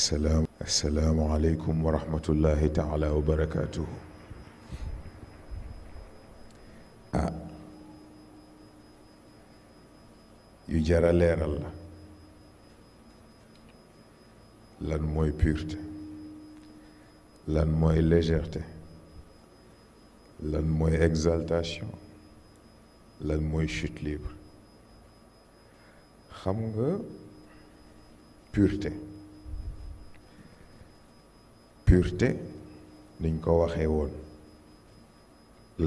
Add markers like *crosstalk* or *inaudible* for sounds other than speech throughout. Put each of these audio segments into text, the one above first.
asalaam asalaamualeykum wa rahmatullahi taala wa barakaatuhu ah yu jara leeral la lan mooy pureté lan mooy légèreté lan mooy exaltation lan mooy chute libre xam nga pureté pureté niñ ko waxee woon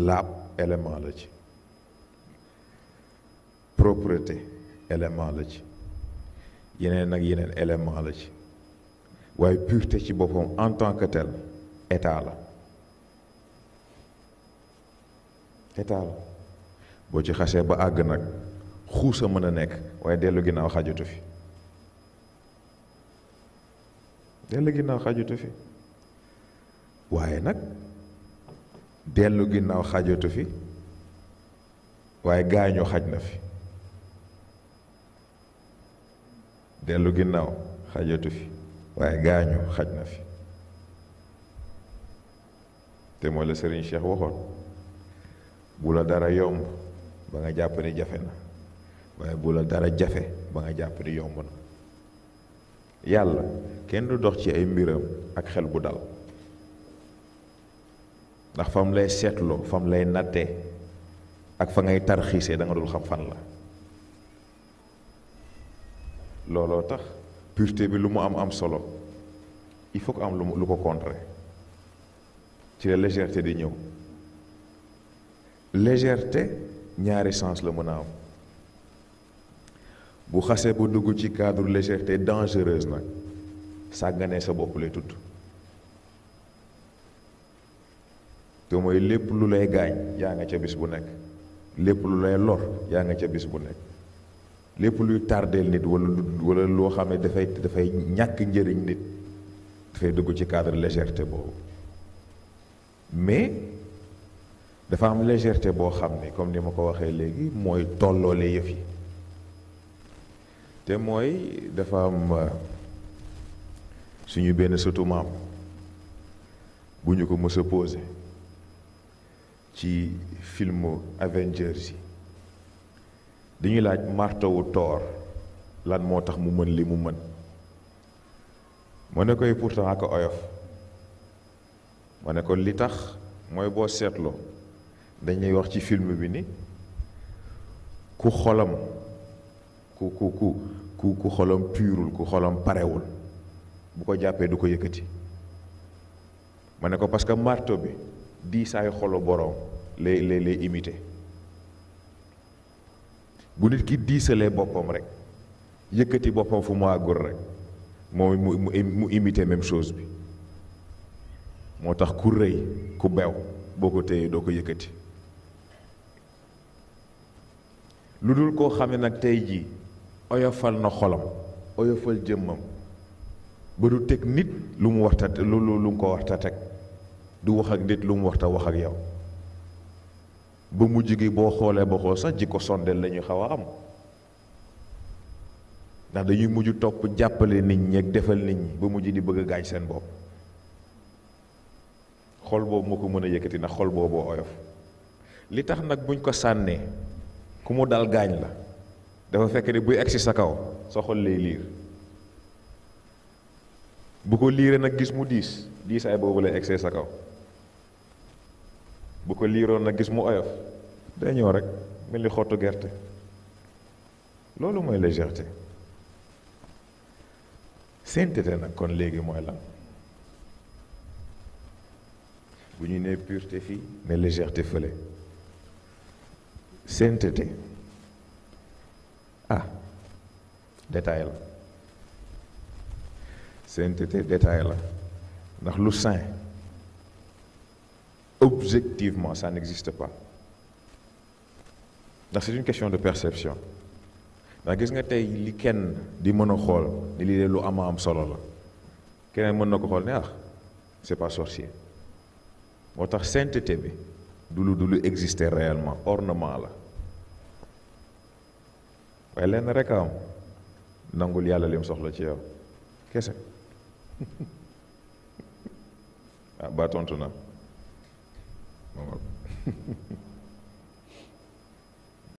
laab élément la ci propreté élément la ci yeneen nag yeneen élément la ci waaye pureté ci boppam en tant que tel état la état boo ci xasee ba àgg nag xuus a mën a nekk waaye dellu ginnaaw xajutu fi dellu ginnaaw xajutu fi waaye nag dellu ginnaaw xajatu fi waaye gaañu xaj na fi dellu ginnaaw xajatu fi waaye gaañu xaj na fi te moo la Serigne Cheikh waxoon bu la dara yomb ba nga jàpp jafe na waaye bu la dara jafe ba nga jàpp ni yomb na yàlla kenn du dox ci ay mbiram ak xel bu dal ndax fam lay seetloo fam lay natte ak fa ngay tarxiisee da nga dul xam fan la looloo tax pureté bi lu mu am am solo il faut que am lu lu ko contrer ci la légèreté di ñëw légèreté ñaari sens la mën a am bu xasee bu dugg ci cadre légèreté dangereuse nag sàgganee sa bopp lay tudd te mooy lépp lu lay gaañ yaa nga ca bis bu nekk lépp lu lay lor yaa nga ca bis bu nekk lépp luy tardeel nit wala wala loo xam ne dafay dafay ñàkk njëriñ nit dafay dugg ci cadre légèreté boobu mais dafa am légèreté boo xam ne comme ni ma ko waxee léegi mooy tolloole yëf yi te mooy dafa am euh, suñu benn sëtu maam bu ñu ko mës a ci filmu Avengers yi dañuy laaj martowu Thor lan moo tax mu mën li mu mën ma ne koy pourtant ak oyof ma ne ko li tax mooy boo seetloo dañuy wax ci film bi ni ku xolam ku ku ku ku ku xolam tuurul ku xolam parewul bu ko jàppee du ko yëkkati ma ne ko parce que marto bi diisaay xolu boroom lay lay lay imité bu nit ki diisalee boppam rek yëkkati boppam fu mu àggul rek moom mu mu imité même chose bi moo tax ku rëy ku bew boo ko téyee doo ko yëkkati lu dul koo xam nag tey jii oyofal na xolom oyofal jëmmam ba du teg nit lu mu waxta lu lu lu mu ko waxta teg du wax ak nit lu mu waxta wax ak yow ba mujj gi boo xoolee ba xool sax ji ko sondeel la ñu xaw a am ndax dañuy mujj topp jàppale nit ñi ak defal nit ñi ba mujj di bëgg a gaañ seen bopp xol boobu moo ko mën a yëkkati ndax xol boobu oyof li tax nag buñ ko sànnee ku mu dal gaañ la dafa fekk ni buy egsi sa kaw sa xol lay liir bu ko liiree nag gis mu diis diisaay boobu lay egsee sa kaw bu ko liiroon na gis mu oyof day ñëw rek mel ni xottu gerte loolu mooy légèreté sainteté nag kon léegi mooy lan bu ñu nee pureté fii ne légèreté fële sainteté ah détail la sainteté détail la ndax lu saint objectivement, ça n'existe pas. ndax c'est une question de perception ndax gis nga tey li kenn di mën a xool ni li de lu ama am solo la keneen mën na ko xool ne ah c'est pas sorcier moo tax sainteté bi du lu du lu exister réellement ornement la waaye lenn rek am nangul yàlla lim soxla ci yow kese *laughs* ah ba tontu na Voilà. *laughs*